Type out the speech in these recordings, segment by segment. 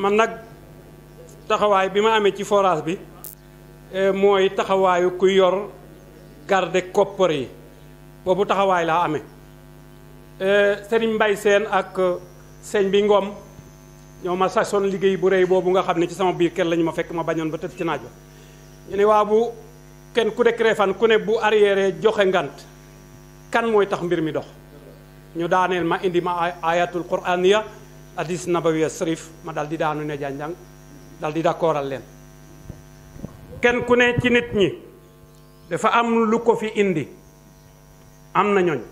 man nag taxawaay bi ma amee ci forage bi eh, mooy taxawaayu kuy yor garde koppar yi boobu taxawaay laa amee eh, Serigne mbay seen ak eh, sëñ bi ngoom ñoo ma sasoon liggéey bu rey boobu nga xam ne ci sama biir kenn lañu ma fekk ma bañoon ba tëdd ci naaj wa ñu ne waa bu kenn ku nekk reefan ku ne bu arrière joxe ngant kan mooy tax mbir mi dox ñu daaneel ma indi ma ayatul qur'aniya hadis nabawi sharif ma dal di daanu ne janjang dal di d'accordal len ken ku ne ci nit ñi dafa am lu ko fi indi am na ñoon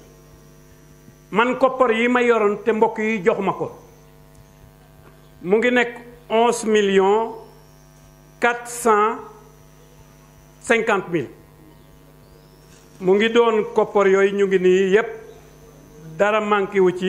man por yi ma yoron te mbokk yi jox mako ko mu ngi nek 11 millions 450000 mu ngi doon koppar yooyu ñu ngi nii yépp dara manqué wu ci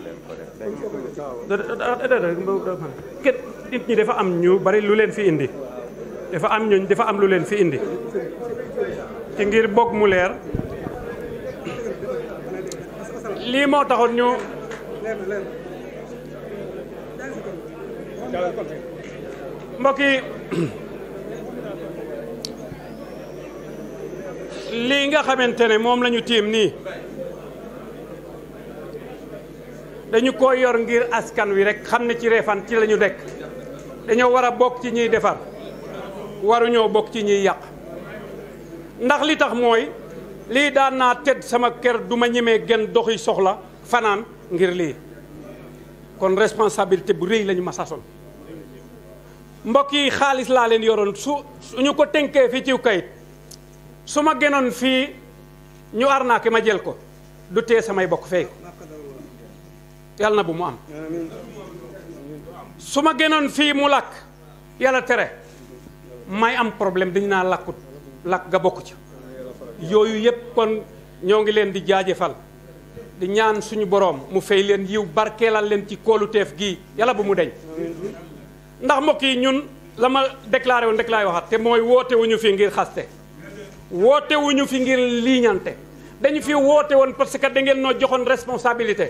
kenn nit ñi dafa am ñu bari lu leen fi indi dafa am ñooñ dafa am lu leen fi indi ci ngir bokk mu leer lii moo taxoon ñu mbokk yi lii nga xamante ne moom lañu ñu tiim nii dañu ko yor ngir askan wi rek xamne ci refan ci lañu dekk dañu wara bok ci ñi defar ñoo bok ci ñi yaq ndax li tax moy li da na tedd sama kër duma ma gën doxi soxla fanan ngir li kon responsabilité bu rëy lañu massa son mbokk yi xaaliss la leen yoron su ko tenké fi ci kayit suma gënon fi ñu ma jël ko du té samay bok yàlla na bu mu am suma gënon fi mu lak yalla téré may am problème dañ na lakut lak ga bokku ci yoyu yépp kon ñoo ngi leen di jaajëfal di ñaan suñu borom mu fay leen yiw barkelal leen ci teef gi yalla bu mu deñ ndax mbokk yi ñun lama déclarer won déclarer waxat té moy woté wuñu fi ngir xasté woté wuñu fi ngir liñanté dañ fi woté won parce que da ngeen no joxone responsabilité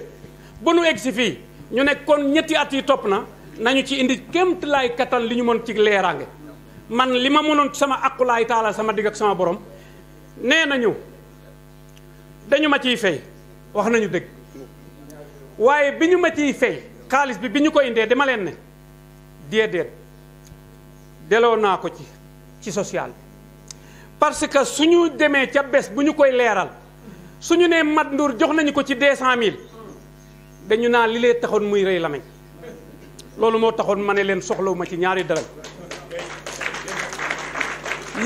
ba nu egg fii ñu ne kon ñetti at yi topp na nañu ci indi kémt laay kattan li ñu mën ci leeraange man li ma mënoon sama akkulaay taala sama digg ak sama borom nee na ñëw dañu ma ciy fay wax nañu dégg waaye bi ñu ma ciy fay xaalis bi bi ñu ko indee dama leen ne déedéet delloo naa ko ci ci social parce que suñu demee ca bés bu ñu koy leeral suñu ne Mat nduur jox nañu ko ci deux cent mille dañu naan li lee taxoon muy rey lamañ loolu moo taxoon ma ne leen soxlawuma ci ñaari dara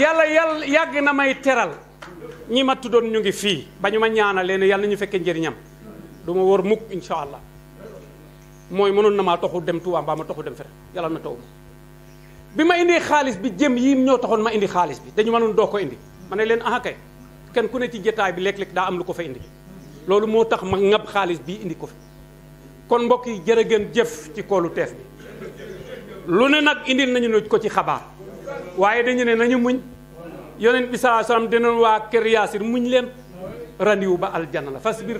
yàlla yàlla yàgg na may teral ñii ma tuddoon ñu ngi fii ba ñu ma ñaana leen yàlla ñu fekkee njëriñam du ma wóor mukk incha allah mooy mënoon na maa taxu dem Tuubaa mbaa ma taxu dem fere yàlla na taw bi ma indi xaalis bi jëm yii ñoo taxoon ma indi xaalis bi dañu ma noon doo ko indi ma ne leen ah kenn ku ne ci jotaay bi léeg-léeg daa am lu ko fa indi loolu moo tax ma ngab xaalis bii indi ko fi kon mbokk yi jërë ngeen jëf ci koolu teef bi lu ne nag indil nañu nu ko ci xabaar waaye dañu ne nañu muñ yonent bi salaa salaam dinañ waa ker yaasir muñ leen randiwu ba aljana la fas bir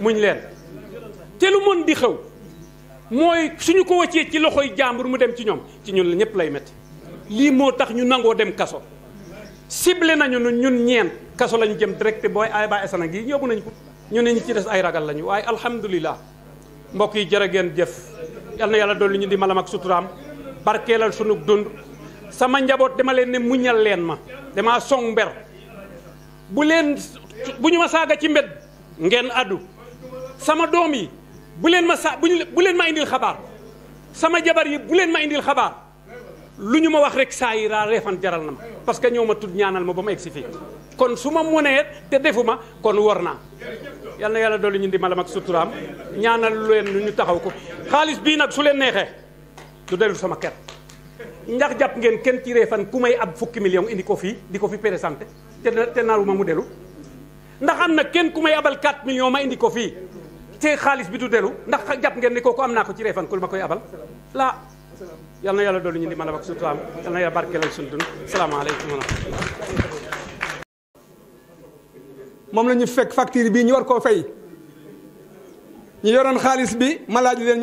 muñ leen te lu mën di xew mooy suñu ko wàccee ci loxoy jàmbur mu dem ci ñoom ci ñun la ñëpp lay metti lii moo tax ñu nangoo dem kaso ciblé nañu nu ñun ñeen kaso lañu jëm direct booy ay ba esana gi yóbbu nañ ko ñu ne ci des ay ragal lañu waaye alhamdulillah mbokk yi jërë ngeen jëf yal na yàlla dolli ñu di malam ak suturaam barkeelal sunu dund sama njaboot dama leen ne muñal leen ma demaa song mber bu leen bu ñu ma saaga ci mbedd ngeen addu sama doom yi bu leen ma sa bu leen ma indil xabaar sama jabar yi bu leen ma indil xabaar luñu ma wax rek saa yi nama, pas jaral na parce que ñoma tud ñaanal ma bama exifi kon suma ma te defuma kon wor yalla yalla na dolli di malam ak suturaam ñaanal leen ñu taxaw ko khalis bi nak su len nexé du delu sama kër ndax japp ngeen ken ci refan ku ab fukki million indi ko fi di fi présenté te te naaruma mu delu ndax am abal 4 millions ma indi ko fi te khalis bi du delu ndax japp ngeen ni kooku am ko ci refan ku makoy abal la yàlla na yàlla doolu ñu di mën a wax suturaam yal na yàlla barkeelal suñu dund salaamaaleykum wa moom la ñu fekk facture bii ñu war koo fay ñu yoroon xaalis bi ma leen